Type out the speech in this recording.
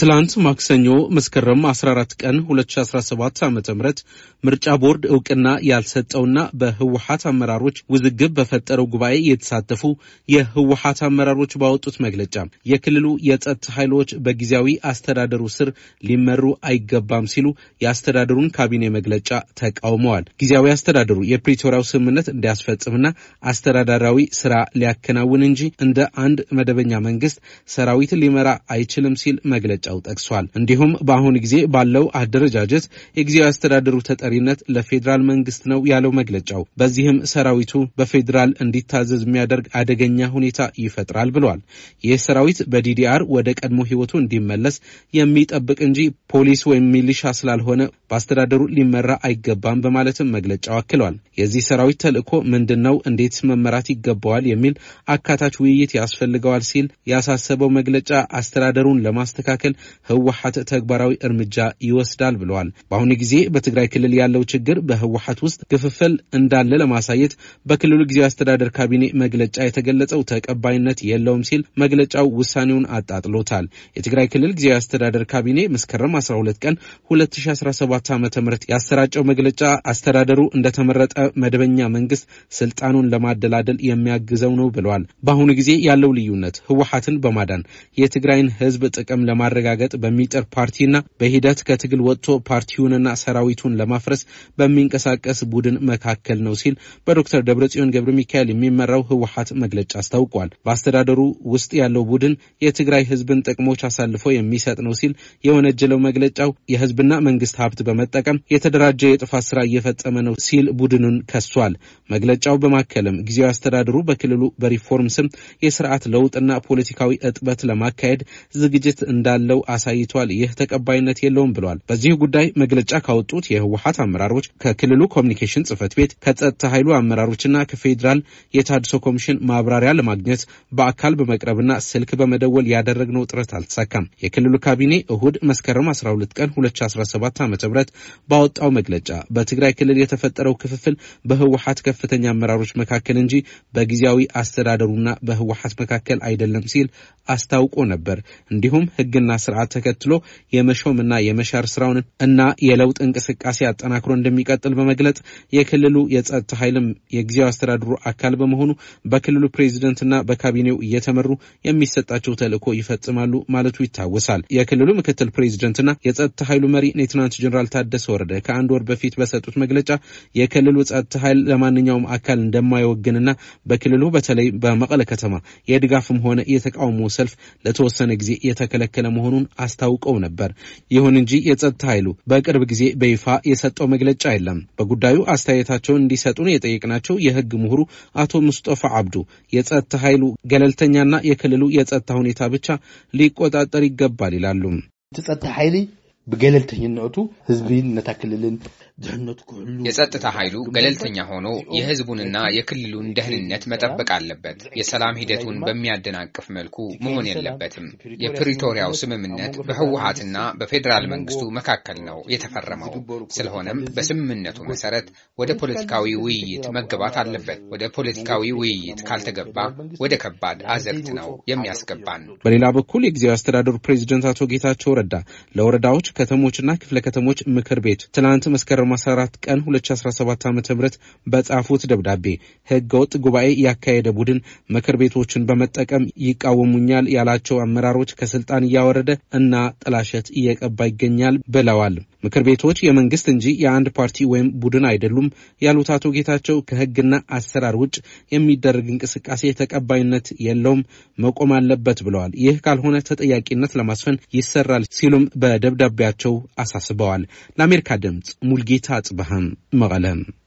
ትላንት ማክሰኞ መስከረም 14 ቀን 2017 ዓ ም ምርጫ ቦርድ እውቅና ያልሰጠውና በህወሀት አመራሮች ውዝግብ በፈጠረው ጉባኤ የተሳተፉ የህወሀት አመራሮች ባወጡት መግለጫ የክልሉ የጸጥታ ኃይሎች በጊዜያዊ አስተዳደሩ ስር ሊመሩ አይገባም ሲሉ የአስተዳደሩን ካቢኔ መግለጫ ተቃውመዋል። ጊዜያዊ አስተዳደሩ የፕሪቶሪያው ስምምነት እንዲያስፈጽምና አስተዳደራዊ ስራ ሊያከናውን እንጂ እንደ አንድ መደበኛ መንግስት ሰራዊት ሊመራ አይችልም ሲል መግለጫ መግለጫው ጠቅሷል። እንዲሁም በአሁኑ ጊዜ ባለው አደረጃጀት የጊዜያዊ አስተዳደሩ ተጠሪነት ለፌዴራል መንግስት ነው ያለው መግለጫው። በዚህም ሰራዊቱ በፌዴራል እንዲታዘዝ የሚያደርግ አደገኛ ሁኔታ ይፈጥራል ብሏል። ይህ ሰራዊት በዲዲአር ወደ ቀድሞ ህይወቱ እንዲመለስ የሚጠብቅ እንጂ ፖሊስ ወይም ሚሊሻ ስላልሆነ በአስተዳደሩ ሊመራ አይገባም በማለትም መግለጫው አክሏል። የዚህ ሰራዊት ተልእኮ ምንድን ነው? እንዴት መመራት ይገባዋል? የሚል አካታች ውይይት ያስፈልገዋል ሲል ያሳሰበው መግለጫ አስተዳደሩን ለማስተካከል ህወሀት ተግባራዊ እርምጃ ይወስዳል ብለዋል። በአሁኑ ጊዜ በትግራይ ክልል ያለው ችግር በህወሀት ውስጥ ክፍፍል እንዳለ ለማሳየት በክልሉ ጊዜያዊ አስተዳደር ካቢኔ መግለጫ የተገለጸው ተቀባይነት የለውም ሲል መግለጫው ውሳኔውን አጣጥሎታል። የትግራይ ክልል ጊዜያዊ አስተዳደር ካቢኔ መስከረም 12 ቀን 2017 ዓ ም ያሰራጨው መግለጫ አስተዳደሩ እንደተመረጠ መደበኛ መንግስት ስልጣኑን ለማደላደል የሚያግዘው ነው ብለዋል። በአሁኑ ጊዜ ያለው ልዩነት ህወሀትን በማዳን የትግራይን ህዝብ ጥቅም ለማድረግ ለማረጋገጥ በሚጥር ፓርቲና በሂደት ከትግል ወጥቶ ፓርቲውንና ሰራዊቱን ለማፍረስ በሚንቀሳቀስ ቡድን መካከል ነው ሲል በዶክተር ደብረጽዮን ገብረ ሚካኤል የሚመራው ህወሀት መግለጫ አስታውቋል። በአስተዳደሩ ውስጥ ያለው ቡድን የትግራይ ህዝብን ጥቅሞች አሳልፎ የሚሰጥ ነው ሲል የወነጀለው መግለጫው የህዝብና መንግስት ሀብት በመጠቀም የተደራጀ የጥፋት ስራ እየፈጸመ ነው ሲል ቡድኑን ከሷል። መግለጫው በማከልም ጊዜያዊ አስተዳደሩ በክልሉ በሪፎርም ስም የስርዓት ለውጥና ፖለቲካዊ እጥበት ለማካሄድ ዝግጅት እንዳለው እንደሌለው አሳይቷል። ይህ ተቀባይነት የለውም ብለዋል። በዚህ ጉዳይ መግለጫ ካወጡት የህወሀት አመራሮች፣ ከክልሉ ኮሚኒኬሽን ጽህፈት ቤት፣ ከጸጥታ ኃይሉ አመራሮችና ከፌዴራል የታድሶ ኮሚሽን ማብራሪያ ለማግኘት በአካል በመቅረብና ስልክ በመደወል ያደረግነው ጥረት አልተሳካም። የክልሉ ካቢኔ እሁድ መስከረም 12 ቀን 2017 ዓ ም ባወጣው መግለጫ በትግራይ ክልል የተፈጠረው ክፍፍል በህወሀት ከፍተኛ አመራሮች መካከል እንጂ በጊዜያዊ አስተዳደሩና በህወሀት መካከል አይደለም ሲል አስታውቆ ነበር። እንዲሁም ህግና ስርዓት ተከትሎ የመሾምና የመሻር ስራውን እና የለውጥ እንቅስቃሴ አጠናክሮ እንደሚቀጥል በመግለጽ የክልሉ የጸጥታ ኃይልም የጊዜው አስተዳድሩ አካል በመሆኑ በክልሉ ፕሬዚደንትና በካቢኔው እየተመሩ የሚሰጣቸው ተልዕኮ ይፈጽማሉ ማለቱ ይታወሳል። የክልሉ ምክትል ፕሬዚደንትና የጸጥታ ኃይሉ መሪ ሌትናንት ጀኔራል ታደሰ ወረደ ከአንድ ወር በፊት በሰጡት መግለጫ የክልሉ ጸጥታ ኃይል ለማንኛውም አካል እንደማይወግንና በክልሉ በተለይ በመቀለ ከተማ የድጋፍም ሆነ የተቃውሞ ሰልፍ ለተወሰነ ጊዜ የተከለከለ መሆኑ መሆኑን አስታውቀው ነበር። ይሁን እንጂ የጸጥታ ኃይሉ በቅርብ ጊዜ በይፋ የሰጠው መግለጫ የለም። በጉዳዩ አስተያየታቸውን እንዲሰጡን የጠየቅናቸው የህግ ምሁሩ አቶ ሙስጠፋ አብዱ የጸጥታ ኃይሉ ገለልተኛና የክልሉ የጸጥታ ሁኔታ ብቻ ሊቆጣጠር ይገባል ይላሉ። ጸጥታ ኃይሊ ብገለልተኝነቱ ህዝቢ ነታ ክልልን የጸጥታ ኃይሉ ገለልተኛ ሆኖ የህዝቡንና የክልሉን ደህንነት መጠበቅ አለበት። የሰላም ሂደቱን በሚያደናቅፍ መልኩ መሆን የለበትም። የፕሪቶሪያው ስምምነት በህወሀትና በፌዴራል መንግስቱ መካከል ነው የተፈረመው። ስለሆነም በስምምነቱ መሰረት ወደ ፖለቲካዊ ውይይት መገባት አለበት። ወደ ፖለቲካዊ ውይይት ካልተገባ ወደ ከባድ አዘቅት ነው የሚያስገባን። በሌላ በኩል የጊዜያዊ አስተዳደሩ ፕሬዚደንት አቶ ጌታቸው ረዳ ለወረዳዎች ከተሞችና ክፍለ ከተሞች ምክር ቤት ትናንት መስከረም ታህሳስ 4 ቀን 2017 ዓ ም በጻፉት ደብዳቤ ህገ ወጥ ጉባኤ ያካሄደ ቡድን ምክር ቤቶችን በመጠቀም ይቃወሙኛል ያላቸው አመራሮች ከስልጣን እያወረደ እና ጥላሸት እየቀባ ይገኛል ብለዋል። ምክር ቤቶች የመንግስት እንጂ የአንድ ፓርቲ ወይም ቡድን አይደሉም ያሉት አቶ ጌታቸው ከህግና አሰራር ውጭ የሚደረግ እንቅስቃሴ ተቀባይነት የለውም፣ መቆም አለበት ብለዋል። ይህ ካልሆነ ተጠያቂነት ለማስፈን ይሰራል ሲሉም በደብዳቤያቸው አሳስበዋል። ለአሜሪካ ድምፅ ሙልጌታ አጽብሃም መቀለም